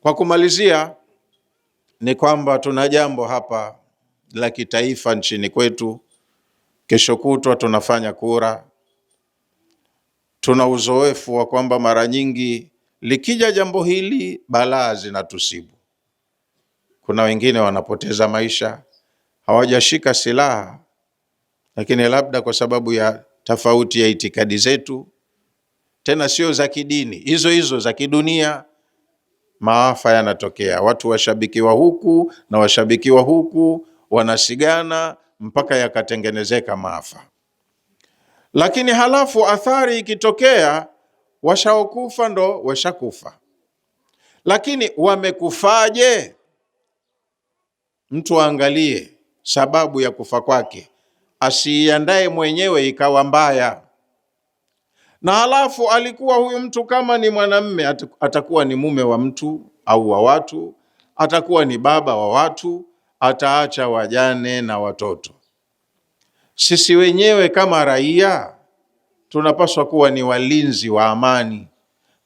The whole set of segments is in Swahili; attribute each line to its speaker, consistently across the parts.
Speaker 1: Kwa kumalizia, ni kwamba tuna jambo hapa la kitaifa nchini kwetu. Kesho kutwa tunafanya kura. Tuna uzoefu wa kwamba mara nyingi likija jambo hili, balaa zinatusibu. Kuna wengine wanapoteza maisha, hawajashika silaha, lakini labda kwa sababu ya tofauti ya itikadi zetu, tena sio za kidini, hizo hizo za kidunia maafa yanatokea, watu washabikiwa huku na washabikiwa huku, wanasigana mpaka yakatengenezeka maafa. Lakini halafu athari ikitokea, washaokufa ndo washakufa, lakini wamekufaje? Mtu aangalie sababu ya kufa kwake, asiiandae mwenyewe ikawa mbaya na halafu alikuwa huyu mtu kama ni mwanamme atakuwa ni mume wa mtu au wa watu, atakuwa ni baba wa watu, ataacha wajane na watoto. Sisi wenyewe kama raia tunapaswa kuwa ni walinzi wa amani,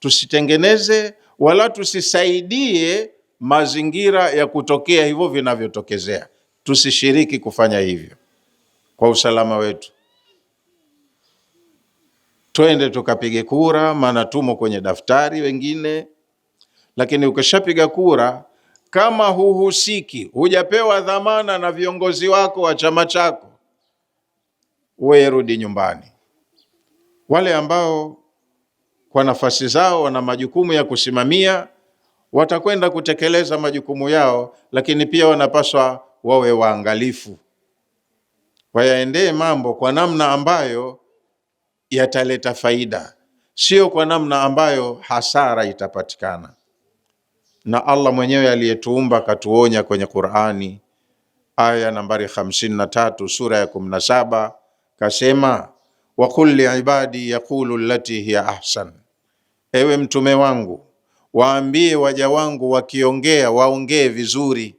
Speaker 1: tusitengeneze wala tusisaidie mazingira ya kutokea hivyo vinavyotokezea. Tusishiriki kufanya hivyo kwa usalama wetu twende tukapige kura, maana tumo kwenye daftari wengine. Lakini ukishapiga kura, kama huhusiki, hujapewa dhamana na viongozi wako wa chama chako, wewe rudi nyumbani. Wale ambao kwa nafasi zao wana majukumu ya kusimamia watakwenda kutekeleza majukumu yao, lakini pia wanapaswa wawe waangalifu, wayaendee mambo kwa namna ambayo yataleta faida, sio kwa namna ambayo hasara itapatikana. Na Allah mwenyewe aliyetuumba akatuonya kwenye Qur'ani, aya nambari 53 sura ya 17, kasema wa qul li ibadi yaqulu allati hiya ahsan, ewe mtume wangu waambie waja wangu wakiongea waongee vizuri.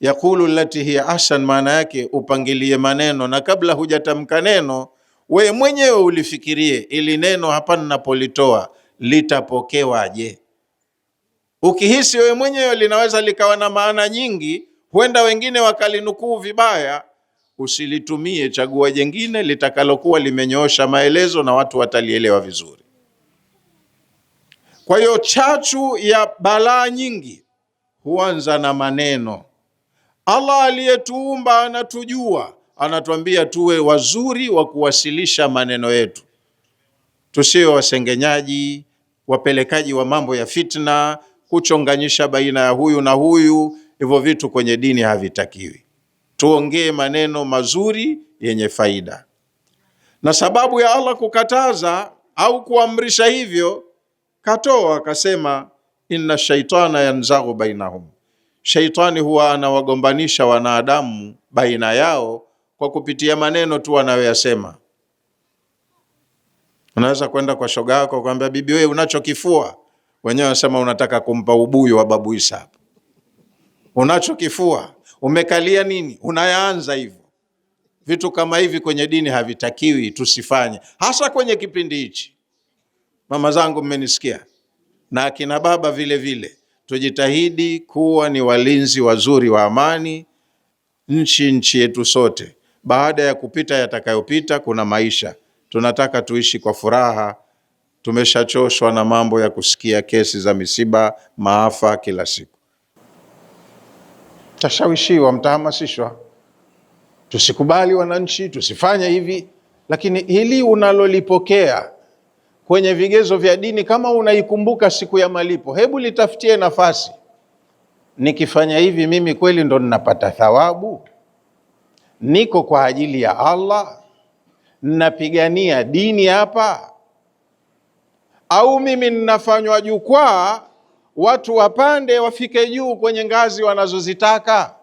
Speaker 1: Yaqulu allati hiya ahsan, maana yake upangilie maneno, na kabla hujatamka neno we mwenyewe ulifikirie ili neno hapa ninapolitoa litapokewaje. Ukihisi we mwenyewe linaweza likawa na maana nyingi, huenda wengine wakalinukuu vibaya, usilitumie. Chagua jengine litakalokuwa limenyoosha maelezo na watu watalielewa vizuri. Kwa hiyo chachu ya balaa nyingi huanza na maneno. Allah aliyetuumba anatujua anatuambia tuwe wazuri wa kuwasilisha maneno yetu, tusiwe wasengenyaji, wapelekaji wa mambo ya fitna, kuchonganyisha baina ya huyu na huyu. Hivyo vitu kwenye dini havitakiwi. Tuongee maneno mazuri yenye faida, na sababu ya Allah kukataza au kuamrisha hivyo, katoa akasema, inna shaitana yanzaghu bainahum, shaitani huwa anawagombanisha wanadamu baina yao kwa kupitia maneno tu anayoyasema. Unaweza kwenda kwa shoga yako ukamwambia, bibi wewe, unachokifua wenyewe wanasema unataka kumpa ubuyu wa babu Isa Unachokifua umekalia nini? Unayaanza hivyo. Vitu kama hivi kwenye dini havitakiwi, tusifanye, hasa kwenye kipindi hichi. Mama zangu, mmenisikia na akina baba vile vile, tujitahidi kuwa ni walinzi wazuri wa amani nchi nchi yetu sote. Baada ya kupita yatakayopita, kuna maisha. Tunataka tuishi kwa furaha. Tumeshachoshwa na mambo ya kusikia kesi za misiba, maafa kila siku. Tashawishiwa, mtahamasishwa, tusikubali wananchi, tusifanye hivi. Lakini hili unalolipokea kwenye vigezo vya dini, kama unaikumbuka siku ya malipo, hebu litafutie nafasi. Nikifanya hivi, mimi kweli ndo ninapata thawabu? niko kwa ajili ya Allah, napigania dini hapa, au mimi ninafanywa jukwaa watu wapande wafike juu kwenye ngazi wanazozitaka?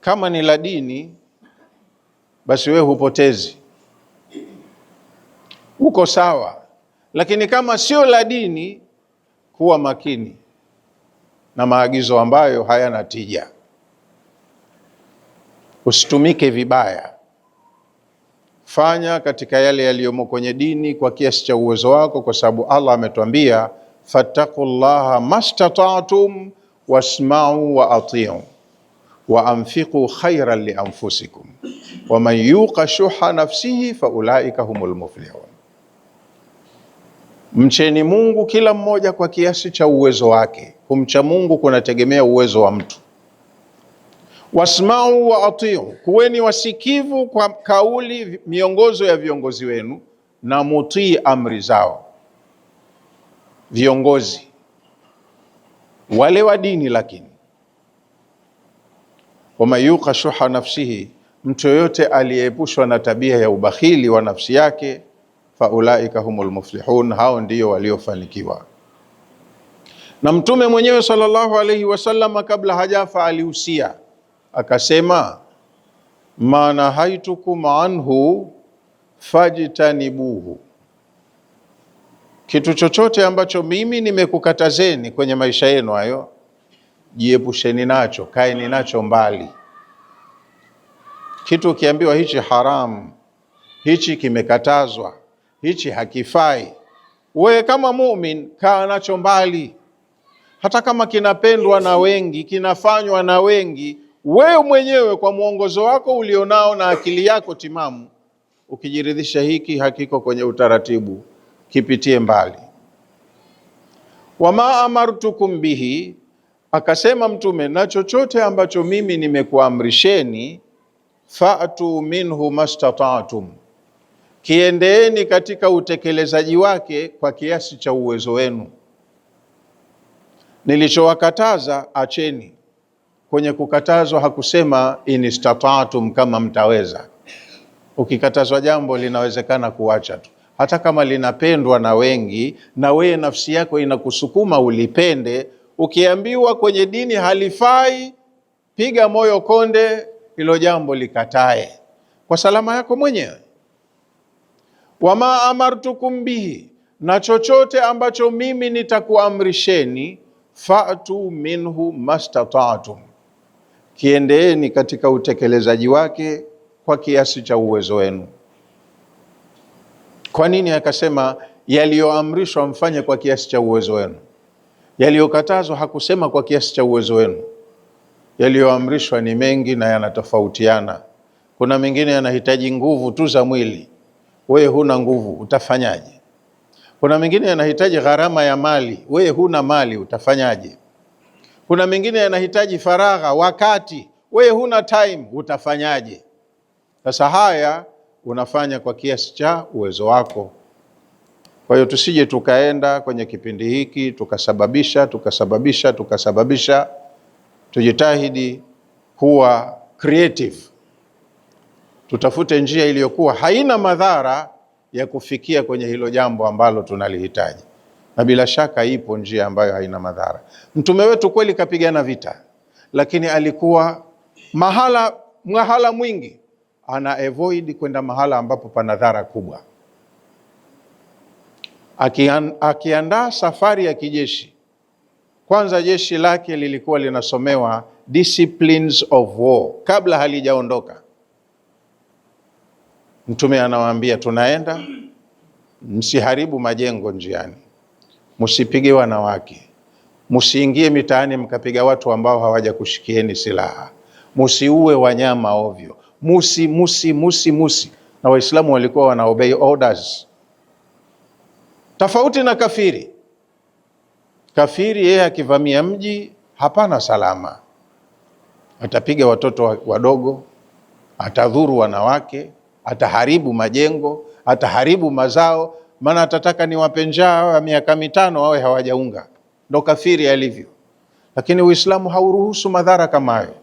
Speaker 1: Kama ni la dini, basi we hupotezi, uko sawa. Lakini kama sio la dini, kuwa makini na maagizo ambayo hayana tija usitumike vibaya. Fanya katika yale yaliyomo kwenye dini kwa kiasi cha uwezo wako, kwa sababu Allah ametuambia fattaqullaha mastata'tum wasma'u wa ati'u wa anfiqu khairan li anfusikum wa man yuqa shuha nafsihi fa ulaika humul muflihun, mcheni Mungu kila mmoja kwa kiasi cha uwezo wake. Kumcha Mungu kunategemea uwezo wa mtu wasmau wa atiu, kuweni wasikivu kwa kauli, miongozo ya viongozi wenu na mutii amri zao. Viongozi wale wa dini, lakini waman shuha nafsihi, mtu yoyote aliyeepushwa na tabia ya ubakhili wa nafsi yake, faulaika humul muflihun, hao ndio waliofanikiwa. Na mtume mwenyewe sallallahu alaihi wasallam kabla hajafa alihusia akasema manahaitukum anhu fajtanibuhu, kitu chochote ambacho mimi nimekukatazeni kwenye maisha yenu hayo jiepusheni nacho, kaeni nacho mbali. Kitu ukiambiwa hichi haramu, hichi kimekatazwa, hichi hakifai, wewe kama mumin kaa nacho mbali, hata kama kinapendwa na wengi, kinafanywa na wengi wewe mwenyewe kwa mwongozo wako ulionao na akili yako timamu, ukijiridhisha hiki hakiko kwenye utaratibu, kipitie mbali. Wama amartukum bihi, akasema Mtume, na chochote ambacho mimi nimekuamrisheni, fatu minhu mastata'tum, kiendeeni katika utekelezaji wake kwa kiasi cha uwezo wenu. Nilichowakataza acheni kwenye kukatazwa hakusema inistatatum kama mtaweza. Ukikatazwa jambo linawezekana kuacha tu, hata kama linapendwa na wengi, na wewe nafsi yako inakusukuma ulipende. Ukiambiwa kwenye dini halifai, piga moyo konde, hilo jambo likatae kwa salama yako mwenyewe. Wama amartukum bihi, na chochote ambacho mimi nitakuamrisheni, fatu minhu mastatatum kiendeeni katika utekelezaji wake kwa kiasi cha uwezo wenu. Kwa nini akasema yaliyoamrishwa mfanye kwa kiasi cha uwezo wenu, yaliyokatazwa hakusema kwa kiasi cha uwezo wenu. Yaliyoamrishwa ni mengi na yanatofautiana. Kuna mengine yanahitaji nguvu tu za mwili, wewe huna nguvu, utafanyaje? Kuna mengine yanahitaji gharama ya mali, wewe huna mali, utafanyaje? Kuna mengine yanahitaji faragha, wakati wewe huna time, utafanyaje? Sasa haya unafanya kwa kiasi cha uwezo wako. Kwa hiyo tusije tukaenda kwenye kipindi hiki tukasababisha tukasababisha tukasababisha. Tujitahidi kuwa creative, tutafute njia iliyokuwa haina madhara ya kufikia kwenye hilo jambo ambalo tunalihitaji na bila shaka ipo njia ambayo haina madhara. Mtume wetu kweli kapigana vita, lakini alikuwa mahala mwahala mwingi ana avoid kwenda mahala ambapo pana dhara kubwa. Akian, akiandaa safari ya kijeshi, kwanza jeshi lake lilikuwa linasomewa disciplines of war kabla halijaondoka. Mtume anawaambia tunaenda, msiharibu majengo njiani msipige wanawake, msiingie mitaani mkapiga watu ambao hawaja kushikieni silaha, musiue wanyama ovyo, musi musi musi musi. Na Waislamu walikuwa wana obey orders, tofauti na kafiri. Kafiri yeye akivamia mji, hapana salama, atapiga watoto wadogo, atadhuru wanawake, ataharibu majengo, ataharibu mazao maana atataka niwape njaa ya miaka mitano wawe hawajaunga. Ndo kafiri alivyo, lakini Uislamu hauruhusu madhara kama hayo.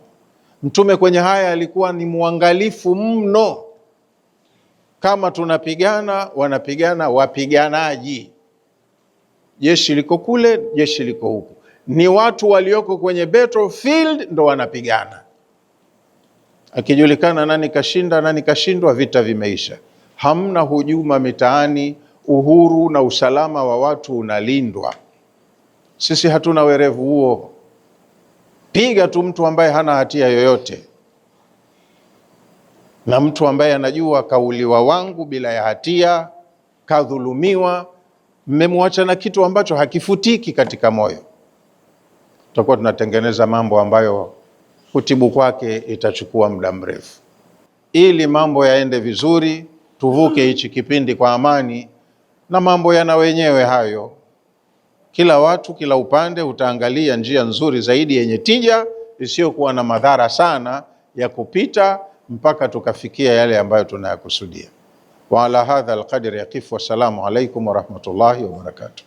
Speaker 1: Mtume kwenye haya alikuwa ni mwangalifu mno. Kama tunapigana, wanapigana wapiganaji, jeshi liko kule, jeshi liko huku, ni watu walioko kwenye battlefield ndo wanapigana. Akijulikana nani kashinda, nani kashindwa, vita vimeisha. Hamna hujuma mitaani uhuru na usalama wa watu unalindwa. Sisi hatuna werevu huo. Piga tu mtu ambaye hana hatia yoyote, na mtu ambaye anajua kauliwa wangu bila ya hatia, kadhulumiwa, mmemwacha na kitu ambacho hakifutiki katika moyo, tutakuwa tunatengeneza mambo ambayo kutibu kwake itachukua muda mrefu. Ili mambo yaende vizuri, tuvuke hichi kipindi kwa amani na mambo yana wenyewe hayo. Kila watu kila upande utaangalia njia nzuri zaidi yenye tija isiyokuwa na madhara sana ya kupita mpaka tukafikia yale ambayo tunayakusudia. Wa ala hadha alqadri yaqifu. Wassalamu alaikum warahmatullahi wabarakatuh.